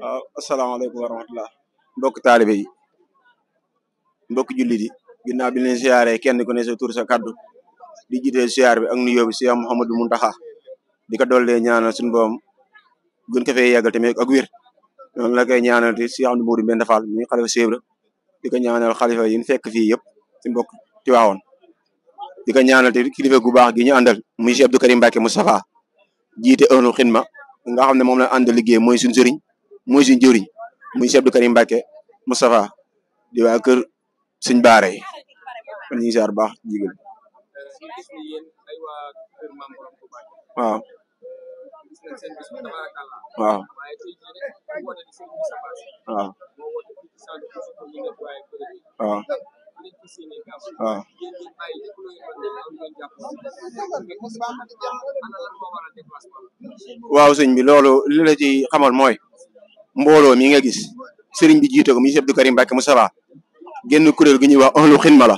waaw asalaamaaleykum wa rahmatulah mbokk taalibe yi mbokk jullit yi ginnaaw bi leen siyaaree kenn ku ne sa tur sa kaddu di jiite siyaar bi ak nuyoo bi Seex Muhammadu Muntaxa di ko dollee ñaanal suñu boom gën ko fee yàggal tamit ak wér noonu ñaanal te Seex Amadu Muhammadu Mbenda mi xalifa Seex Ibra ñaanal xalifa yi ñu fekk fii yëpp ci mbokk ci ñaanal te kilifa gu baax gi ñu àndal muy Seex Abdou Karim Mbacke Moustapha jiite ëllu nga xam ne moom la ànd liggéey mooy suñu sëriñ mooy suñu jëriñ muy Cheikh Abdou Karim Mbacké Moustapha di waa kër suñ baare yi kon ñu siyaar waaw waaw sëñ bi loolu li la ci xamal mooy mbooloo mi nga gis sëriñ bi jiite ko mi Abdou Karim Mbacké Moustapha génn kuréel gi ñuy wax ahlu xidma la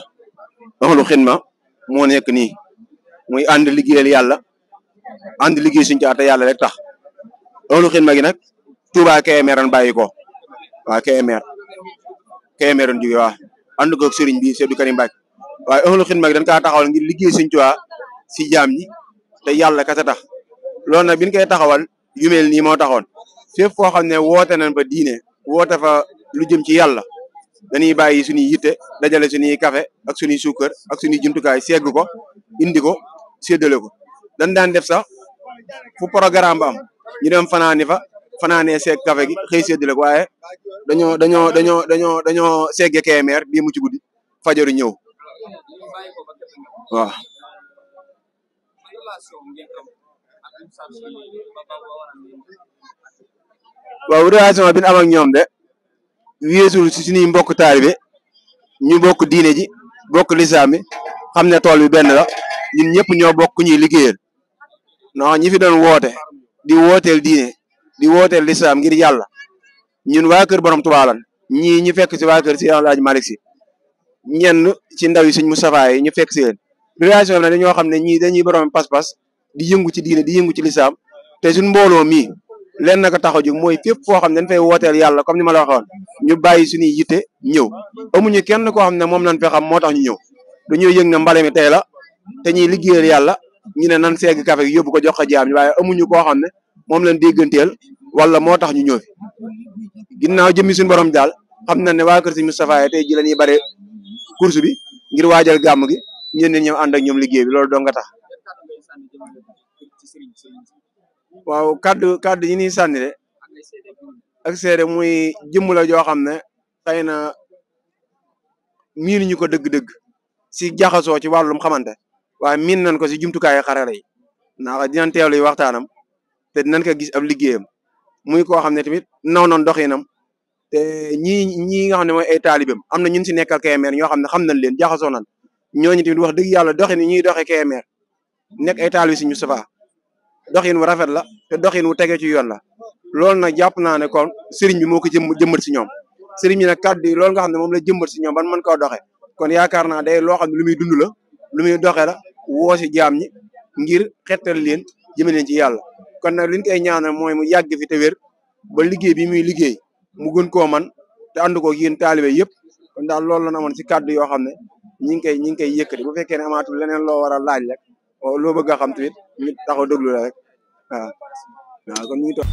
ni muy ànd liggéeyal yàlla ànd liggéey suñu ca ata rek tax ahlu xidma gi nag Touba Kébémer an bàyyi ko waaw Kébémer Kébémer an jóge waaw ànd koog sëriñ bi Seydou Karim Mbacke waaye ëxlu xidma gi dañ kaa taxawal ngir liggéey Sëriñ Tuubaa si jaam ñi te yàlla kese tax loolu nag biñ koy taxawal yu mel nii moo taxoon fépp foo xam ne woote nañ fa diine woote fa lu jëm ci yàlla dañuy bàyyi suñuy yitte dajale suñuy café ak suñuy suukar ak suñuy jumtukaay segg ko indi ko séddale ko dañ daan def sax fu programme ba am ñu fa fanaanee seeg café gi xëy séddale ko waaye dañoo dañoo dañoo dañoo dañoo seegge KMR bii mu ci guddi fajaru ñëw waaw waaw relation bi ñu am ak ñoom de wéesul si suñuy mbokk taalibe ñu bokk diine ji bokk lislaam bi xam ne tool bi benn la ñun ñëpp ñoo bokk ñuy liggéeyal non ñi fi di wooteel diine di woote lislaam ngir yàlla ñun waa kër borom Tuubaa lan ñii ñu fekk si waa kër si Alaaji Malick si ñenn ci ndaw yi suñ Moustapha yi ñu fekk si leen relation bi nag ñoo xam ne ñii dañuy borom pas-pas di yëngu ci diine di yëngu ci lislaam te suñ mbooloo mii leen naka tax a mooy fépp foo xam ne dañ fay wooteel yàlla comme ni ma la waxoon ñu bàyyi suñuy yitte ñëw amuñu kenn koo xam ne moom lañ fi xam moo tax ñu ñëw dañoo yëg ne mbale mi tey la te ñuy liggéeyal yàlla ñu ne nan seeg kafe gi ko jox ko jaam waaye amuñu koo xam ne moom lañ dégganteel wala moo tax ñu ñëw ginnaaw jëmmi suñu borom daal xam na ne waa kër si Moustapha yi tey ji la bare course bi ngir waajal gàmm gi ñeen ne ñoom ànd ak ñoom liggéey bi loolu dong nga tax waaw kàddu kàddu yi ñuy sànni de ak seede muy jëmm la joo xam ne xëy na miin ñu ko dëgg-dëgg si jaxasoo ci wàllum xamante waaye miin nañ ko si jumtukaayu xarala yi ndax dinañ teewlu waxtaanam te dinañ ko gis ab liggéeyam muy koo xam ne tamit naw noon doxinam te ñii ñii nga xam ne mooy ay taalibam am na ñun si nekkal KMR ñoo xam ne xam nañ leen jaxasoo nañ ñooñu tamit wax dëgg yàlla doxin ñuy doxee KMR nekk ay taalibi si ñu safaa doxin wu rafet la te doxin wu tege ci yoon la loolu na jàpp naa ne kon seriñ bi moo ko jëm jëmbat si ñoom sëriñ bi na kàddu yi loolu nga xam ne moom la jëmbat si ñoom ban man koo doxee kon yaakaar naa day loo xam ne lu muy dund la lu doxee la woo si ñi ngir xettal leen jëme leen ci yàlla kon nag liñ koy ñaanal mooy mu yàgg fi te wér ba liggéey bi muy liggéey mu gën koo man te ànd ko yéen taalibe yëpp kon daal loolu la ñu amoon si kàddu yoo xam ne ñi ngi koy ñi ngi koy yëkkati bu fekkee ne amaatul leneen loo war a laaj rek loo bëgg a xam tamit ñu taxaw déglu la rek waaw waaw kon ñu ngi toog